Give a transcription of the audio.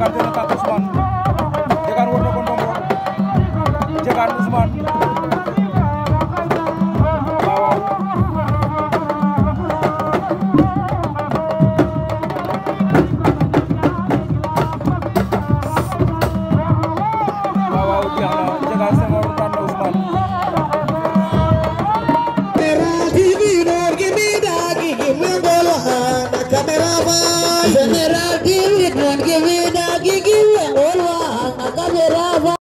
Diegane jël na tànk Ousmane Diegane war na ko ndombo Diegane Ousmane waaw waaw waaw waaw jeex na Diegane Senghor daan na give it, don't give it, I give you a whole one. I got it up.